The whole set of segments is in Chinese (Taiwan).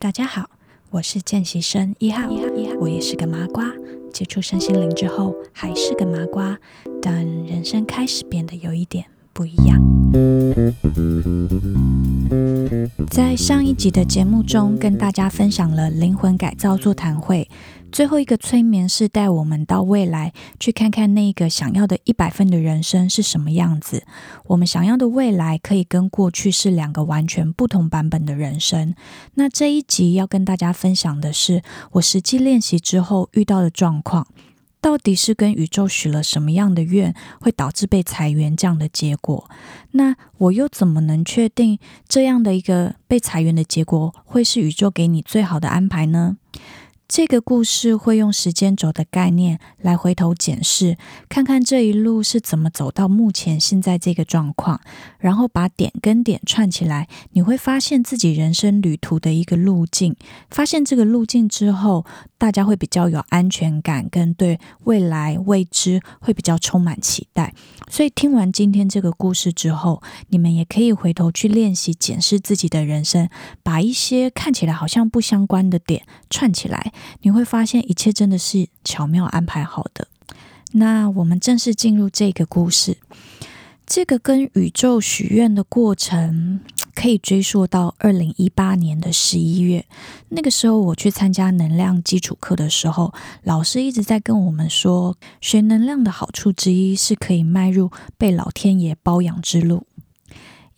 大家好，我是見習生一號,一號，一號。我也是個麻瓜，接觸身心靈之後還是個麻瓜，但人生開始變得有一點不一樣。在上一集的節目中，跟大家分享了靈魂改造座談會。最後一個催眠是帶我們到未來去看看那個想要的一百分的人生是什麼樣子。我們想要的未來可以跟過去是兩個完全不同版本的人生。那這一集要跟大家分享的是，我實際練習之後遇到的狀況，到底是跟宇宙許了什麼樣的願，會導致被裁員這樣的結果？那我又怎麼能確定這樣的一個被裁員的結果會是宇宙給你最好的安排呢？這個故事會用時間軸的概念來回頭檢視，看看這一路是怎麼走到目前現在這個狀況，然後把點跟點串起來，你會發現自己人生旅途的一個路徑。發現這個路徑之後，大家會比較有安全感，跟對未來未知會比較充滿期待。所以聽完今天這個故事之後，你們也可以回頭去練習檢視自己的人生，把一些看起來好像不相關的點串起來。你會發現一切真的是巧妙安排好的。那我們正式進入這個故事。這個跟宇宙許願的過程，可以追溯到二零一八年的十一月。那個時候我去參加能量基礎課的時候，老師一直在跟我們說，學能量的好處之一是可以邁入被老天爺包養之路。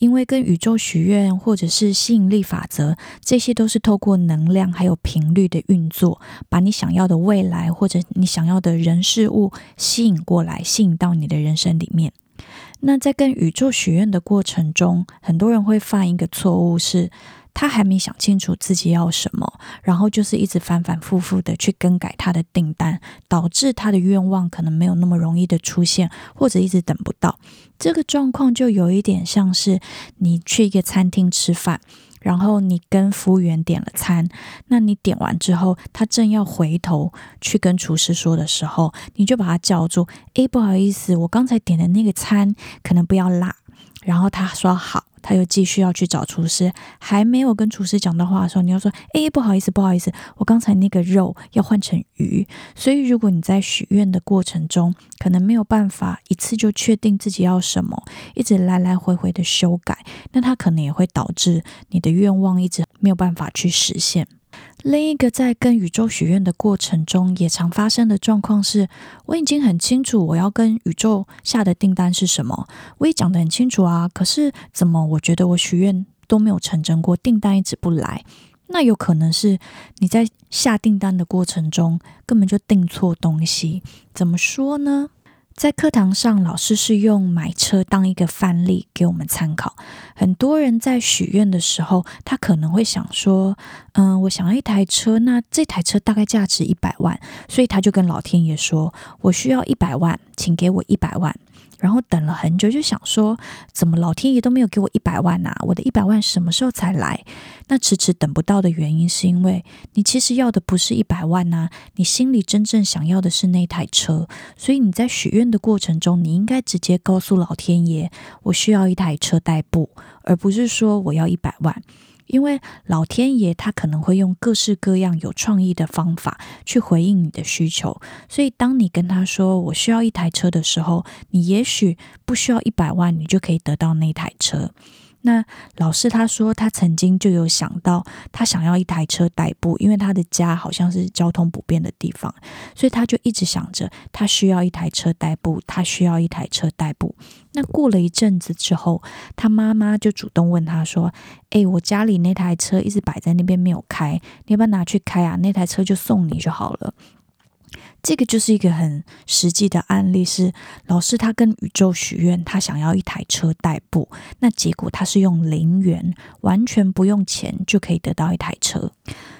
因為跟宇宙許願，或者是吸引力法則，這些都是透過能量還有頻率的運作，把你想要的未來，或者你想要的人事物吸引過來，吸引到你的人生裡面。那在跟宇宙許願的過程中，很多人會犯一個錯誤是。他還沒想清楚自己要什麼，然後就是一直反反复复的去更改他的訂單，導致他的願望可能沒有那麼容易的出現，或者一直等不到。這個狀況就有一點像是你去一個餐廳吃飯，然後你跟服務員點了餐，那你點完之後，他正要回頭去跟廚師說的時候，你就把他叫住。誒，不好意思，我剛才點的那個餐可能不要辣，然後他說好。他又繼續要去找廚師，還沒有跟廚師講到話的時候，你要說：“哎，不好意思，不好意思，我剛才那個肉要換成魚。”所以，如果你在許願的過程中，可能沒有辦法一次就確定自己要什麼，一直來來回回的修改，那它可能也會導致你的願望一直沒有辦法去實現。另一個在跟宇宙許願的過程中也常發生的狀況是，我已經很清楚我要跟宇宙下的訂單是什麼，我也講得很清楚啊。可是怎麼我覺得我許願都沒有成真過，訂單一直不來，那有可能是你在下訂單的過程中根本就訂錯東西。怎麼說呢？在課堂上，老師是用買車當一個範例給我們參考。很多人在許願的時候，他可能會想說：“嗯，我想要一台車，那這台車大概價值一百萬。所以他就跟老天爺說：‘我需要一百萬，請給我一百萬。’”然後等了很久，就想說，怎麼老天爺都沒有給我一百萬吶、啊？我的一百萬什麼時候才來？那遲遲等不到的原因，是因為你其實要的不是一百萬吶、啊，你心裡真正想要的是那台車。所以你在許願的過程中，你應該直接告訴老天爺，我需要一台車代步，而不是說我要一百萬。因為老天爺他可能會用各式各樣有創意的方法去回應你的需求，所以當你跟他說我需要一台車的時候，你也許不需要一百萬，你就可以得到那台車。那老師他說，他曾經就有想到，他想要一台車代步，因為他的家好像是交通不便的地方，所以他就一直想着，他需要一台車代步，他需要一台車代步。那過了一陣子之後，他媽媽就主動問他說：“誒、欸，我家裡那台車一直擺在那邊沒有開，你要不要拿去開啊？那台車就送你就好了。”這個就是一個很實際的案例，是老師他跟宇宙許願，他想要一台車代步，那結果他是用零元，完全不用錢就可以得到一台車。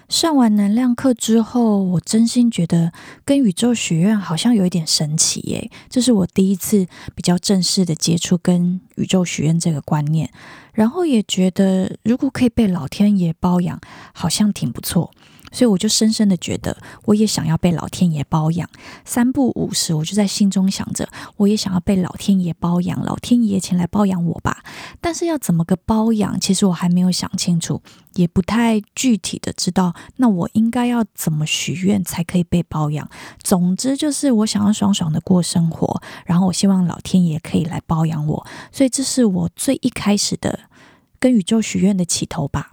上完能量課之後，我真心覺得跟宇宙許願好像有一點神奇耶、欸，這是我第一次比較正式的接觸跟宇宙許願這個觀念，然後也覺得如果可以被老天爺包養，好像挺不錯。所以我就深深的覺得，我也想要被老天爺包養。三不五時我就在心中想着，我也想要被老天爺包養，老天爺前來包養我吧。但是要怎麼個包養，其實我還沒有想清楚，也不太具體的知道。那我應該要怎麼許願才可以被包養？總之就是我想要爽爽的過生活，然後我希望老天爺可以來包養我。所以這是我最一開始的跟宇宙許願的起頭吧。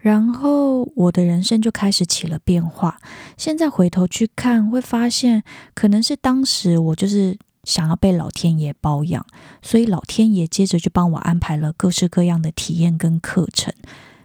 然後我的人生就開始起了變化。現在回頭去看，會發現可能是當時我就是想要被老天爺包養，所以老天爺接着就幫我安排了各式各樣的體驗跟課程。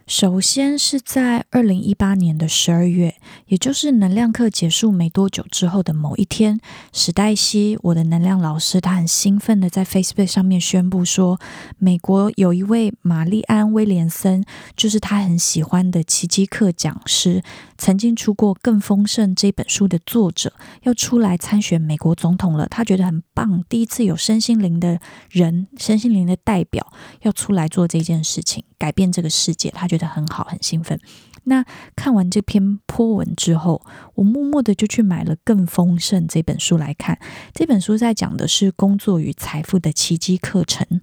首先是在二零一八年的十二月，也就是能量課結束沒多久之後的某一天，史黛西，我的能量老師，他很興奮的在 Facebook 上面宣布說，美國有一位瑪麗安·威廉森，就是他很喜歡的奇蹟課講師，曾經出過《更豐盛》這本書的作者，要出來參選美國總統了。他覺得很棒，第一次有身心靈的人，身心靈的代表要出來做這件事情，改變這個世界，他覺得。覺得很好，很興奮。那看完這篇 PO 文之後，我默默地就去買了《更豐盛》這本書來看。這本書在講的是工作與財富的奇蹟課程。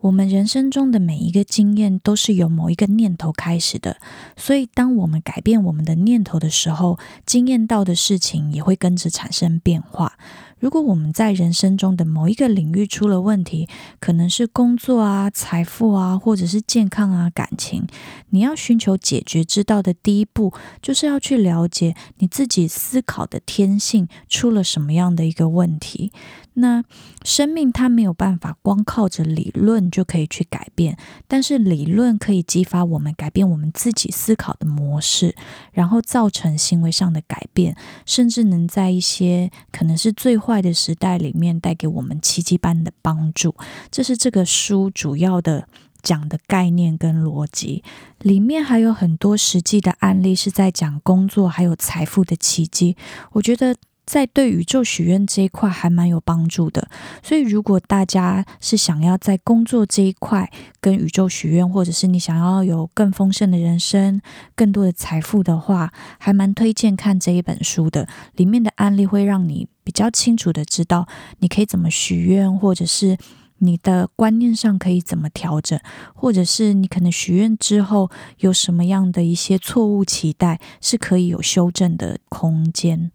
我們人生中的每一個經驗都是由某一個念頭開始的，所以當我們改變我們的念頭的時候，經驗到的事情也會跟着產生變化。如果我們在人生中的某一個領域出了問題，可能是工作啊、財富啊，或者是健康啊、感情，你要尋求解決之道的第一步，就是要去了解你自己思考的天性出了什麼樣的一個問題。那生命它沒有辦法光靠着理論就可以去改變，但是理論可以激發我們改變我們自己思考的模式，然後造成行為上的改變，甚至能在一些可能是最壞的時代裡面帶給我們奇蹟般的幫助。這是這個書主要的講的概念跟邏輯，裡面還有很多實際的案例是在講工作還有財富的奇蹟。我覺得。在對宇宙許願這一塊還蠻有幫助的，所以如果大家是想要在工作這一塊跟宇宙許願，或者是你想要有更豐盛的人生，更多的財富的話，還蠻推薦看這一本書的。裡面的案例會讓你比較清楚的知道你可以怎麼許願，或者是你的觀念上可以怎麼調整，或者是你可能許願之後有什麼樣的一些錯誤期待是可以有修正的空間。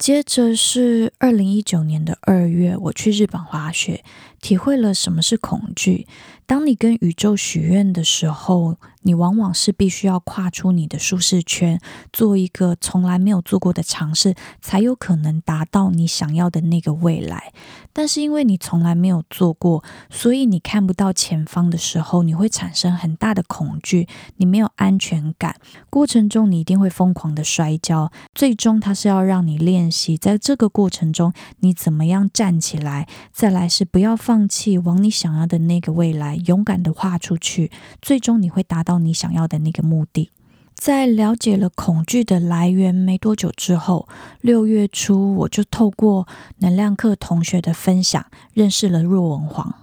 接着是二零一九年的二月，我去日本滑雪。體會了什麼是恐懼。當你跟宇宙許願的時候，你往往是必須要跨出你的舒適圈，做一個從來沒有做過的嘗試，才有可能達到你想要的那個未來。但是因為你從來沒有做過，所以你看不到前方的時候，你會產生很大的恐懼，你沒有安全感。過程中你一定會瘋狂的摔跤，最終它是要讓你練習，在這個過程中你怎麼樣站起來。再來是不要。放棄往你想要的那個未來，勇敢的畫出去，最終你會達到你想要的那個目的。在了解了恐懼的來源沒多久之後，六月初我就透過能量課同學的分享，認識了若文黃。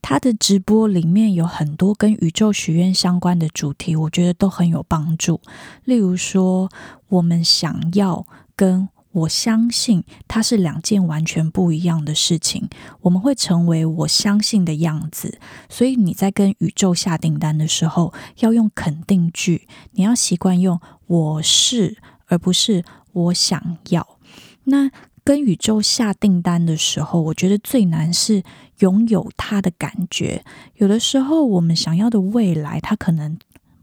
他的直播裡面有很多跟宇宙許願相關的主題，我覺得都很有幫助。例如說，我們想要跟我相信它是兩件完全不一樣的事情。我們會成為我相信的樣子。所以你在跟宇宙下訂單的時候，要用肯定句。你要習慣用“我是”，而不是“我想要”。那跟宇宙下訂單的時候，我覺得最難是擁有它的感覺。有的時候，我們想要的未來，它可能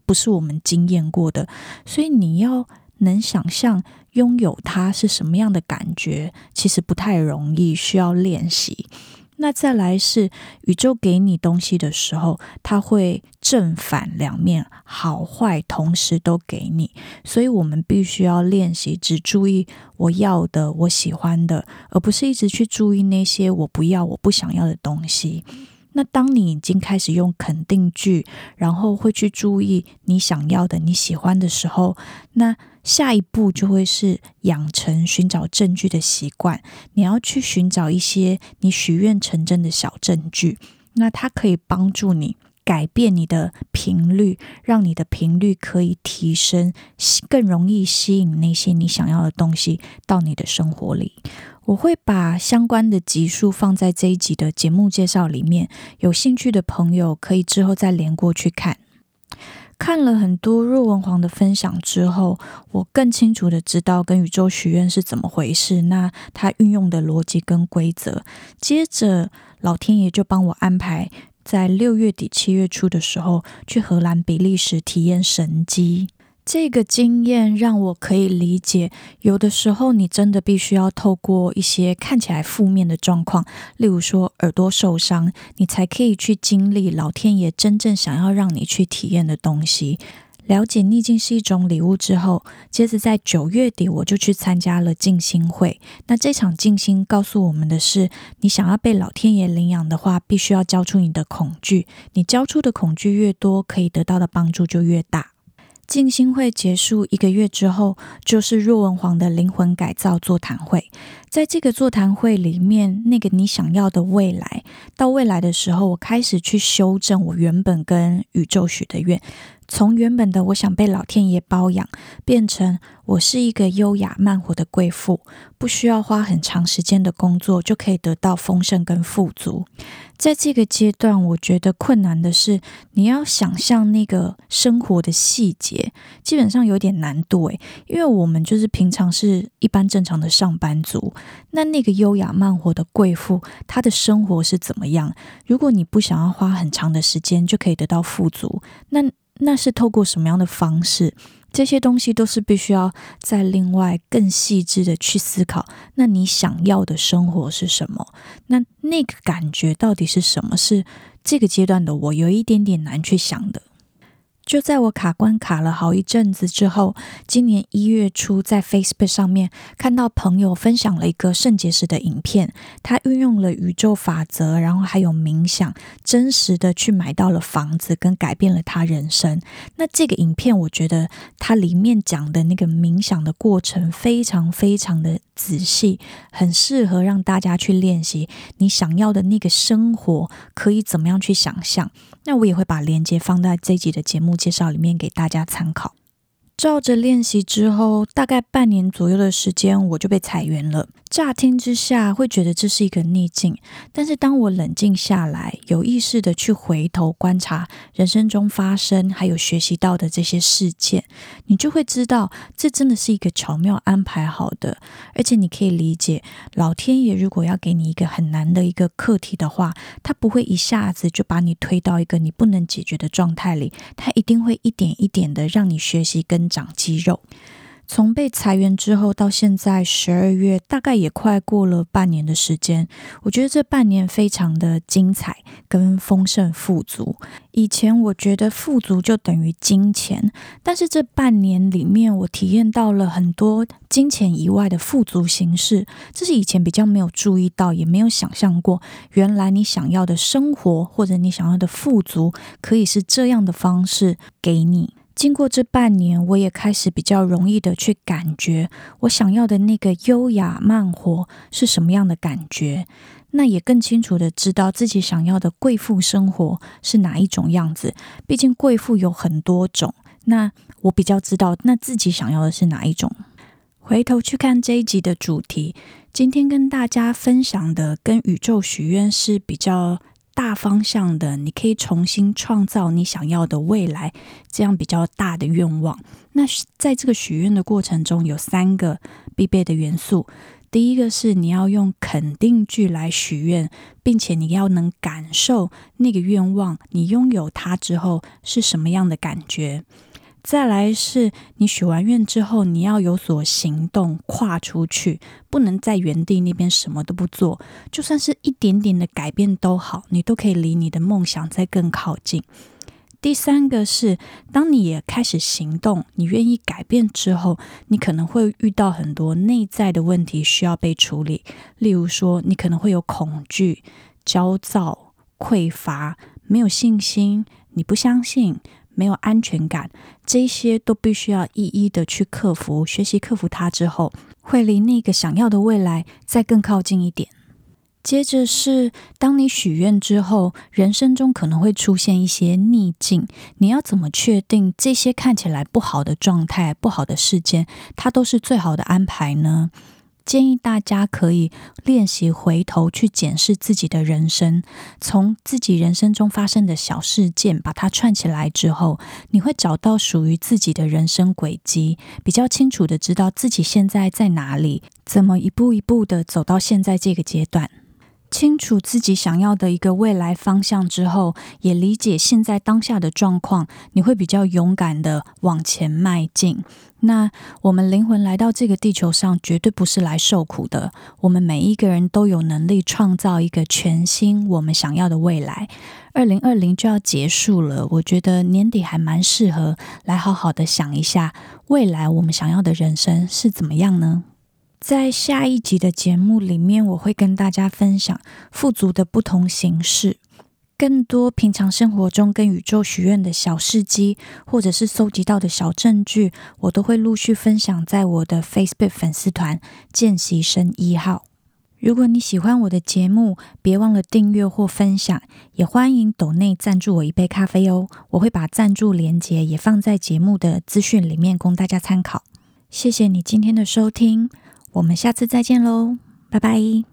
不是我們經驗過的。所以你要能想象。擁有它是什麼樣的感覺？其實不太容易，需要練習。那再來是宇宙給你東西的時候，它會正反兩面、好壞同時都給你，所以我們必須要練習，只注意我要的、我喜歡的，而不是一直去注意那些我不要、我不想要的東西。那當你已經開始用肯定句，然後會去注意你想要的、你喜歡的時候，那下一步就會是養成尋找證據的習慣。你要去尋找一些你許願成真的小證據，那它可以幫助你改變你的頻率，讓你的頻率可以提升，更容易吸引那些你想要的東西到你的生活裡。我會把相關的集數放在這一集的節目介紹裡面，有興趣的朋友可以之後再連過去看。看了很多若文黃的分享之後，我更清楚的知道跟宇宙許願是怎麼回事，那他運用的邏輯跟規則。接着，老天爺就幫我安排，在六月底七月初的時候，去荷蘭比利時體驗神蹟。這個經驗讓我可以理解，有的時候你真的必須要透過一些看起來負面的狀況，例如說耳朵受傷，你才可以去經歷老天爺真正想要讓你去體驗的東西。了解逆境是一種禮物之後，接着在九月底我就去參加了靜心會。那這場靜心告訴我們的是，你想要被老天爺領養的話，必須要交出你的恐懼。你交出的恐懼越多，可以得到的幫助就越大。靜心會結束一個月之後，就是若文黃的靈魂改造座談會。在這個座談會裡面，那個你想要的未來，到未來的時候，我開始去修正我原本跟宇宙許的願。從原本的我想被老天爺包養，變成我是一個優雅慢活的貴婦，不需要花很長時間的工作就可以得到豐盛跟富足。在這個階段，我覺得困難的是，你要想象那個生活的細節，基本上有點難度欸，因為我們就是平常是一般正常的上班族，那那個優雅慢活的貴婦，她的生活是怎麼樣？如果你不想要花很長的時間就可以得到富足，那。那是透過什麼樣的方式？這些東西都是必須要再另外更細緻的去思考。那你想要的生活是什麼？那那個感覺到底是什麼？是這個階段的我有一點點難去想的。就在我卡關卡了好一陣子之後，今年一月初在 Facebook 上面看到朋友分享了一個聖結石的影片，他運用了宇宙法則，然後還有冥想，真實的去買到了房子，跟改變了他人生。那這個影片，我覺得它裡面講的那個冥想的過程非常非常的仔細，很適合讓大家去練習。你想要的那個生活，可以怎麼樣去想象那我也會把鏈接放在這集的節目介紹裡面，給大家參考。照着練習之後，大概半年左右的時間，我就被裁員了。乍聽之下會覺得這是一個逆境，但是當我冷靜下來，有意識的去回頭觀察人生中發生還有學習到的這些事件，你就會知道這真的是一個巧妙安排好的，而且你可以理解，老天爺如果要給你一個很難的一個課題的話，他不會一下子就把你推到一個你不能解決的狀態裡，他一定會一點一點的讓你學習跟。長肌肉，從被裁員之後到現在十二月，大概也快過了半年的時間。我覺得這半年非常的精彩跟豐盛富足。以前我覺得富足就等於金錢，但是這半年裡面我體驗到了很多金錢以外的富足形式，這是以前比較沒有注意到也沒有想象過。原來你想要的生活或者你想要的富足，可以是這樣的方式給你。經過這半年，我也開始比較容易的去感覺我想要的那個優雅慢活是什麼樣的感覺，那也更清楚的知道自己想要的貴婦生活是哪一種樣子。畢竟貴婦有很多種，那我比較知道那自己想要的是哪一種。回頭去看這一集的主題，今天跟大家分享的跟宇宙許願是比較。大方向的，你可以重新創造你想要的未來，這樣比較大的願望。那在這個許願的過程中，有三個必備的元素。第一個是你要用肯定句來許願，並且你要能感受那個願望，你擁有它之後是什麼樣的感覺。再來是你許完願之後，你要有所行動，跨出去，不能在原地那邊什麼都不做，就算是一點點的改變都好，你都可以離你的夢想再更靠近。第三個是，當你也開始行動，你願意改變之後，你可能會遇到很多內在的問題需要被處理，例如說，你可能會有恐懼、焦躁、匱乏、沒有信心，你不相信。沒有安全感，這些都必須要一一的去克服。學習克服它之後，會離那個想要的未來再更靠近一點。接着是，當你許願之後，人生中可能會出現一些逆境，你要怎麼確定這些看起來不好的狀態、不好的事件，它都是最好的安排呢？建議大家可以練習回頭去檢視自己的人生，從自己人生中發生的小事件，把它串起來之後，你會找到屬於自己的人生軌跡，比較清楚的知道自己現在在哪裡，怎麼一步一步的走到現在這個階段。清楚自己想要的一個未來方向之後，也理解現在當下的狀況，你會比較勇敢的往前邁進。那我們靈魂來到這個地球上，絕對不是來受苦的。我們每一個人都有能力創造一個全新我們想要的未來。二零二零就要結束了，我覺得年底還蠻適合來好好的想一下，未來我們想要的人生是怎麼樣呢？在下一集的節目裡面，我會跟大家分享富足的不同形式，更多平常生活中跟宇宙許願的小事蹟，或者是蒐集到的小證據，我都會陸續分享在我的 Facebook 粉絲團“見習生一號”。如果你喜歡我的節目，別忘了訂閱或分享，也歡迎抖內贊助我一杯咖啡哦。我會把贊助鏈接也放在節目的資訊裡面，供大家參考。謝謝你今天的收聽。我們下次再見嘍，拜拜。